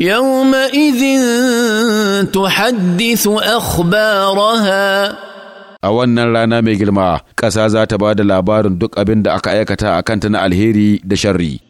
يومئذ تحدث أخبارها a wannan rana mai girma ƙasa za ta ba da labarin duk abin da aka aikata a kanta na alheri da sharri